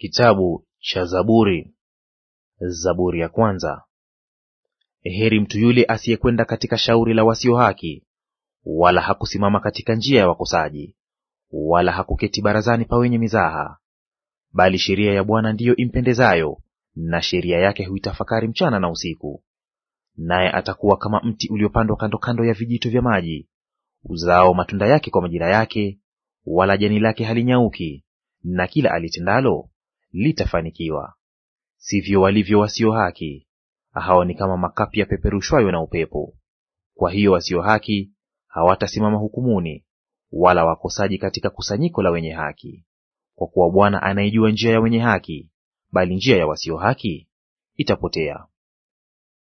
Kitabu cha Zaburi. Zaburi ya kwanza. Heri mtu yule asiyekwenda katika shauri la wasio haki, wala hakusimama katika njia ya wakosaji, wala hakuketi barazani pa wenye mizaha. Bali sheria ya Bwana ndiyo impendezayo, na sheria yake huitafakari mchana na usiku. Naye atakuwa kama mti uliopandwa kando kando ya vijito vya maji, uzao matunda yake kwa majira yake, wala jani lake halinyauki, na kila alitendalo litafanikiwa. Sivyo walivyo wasio haki, hao ni kama makapi yapeperushwayo na upepo. Kwa hiyo wasio haki hawatasimama hukumuni, wala wakosaji katika kusanyiko la wenye haki. Kwa kuwa Bwana anaijua njia ya wenye haki, bali njia ya wasio haki itapotea.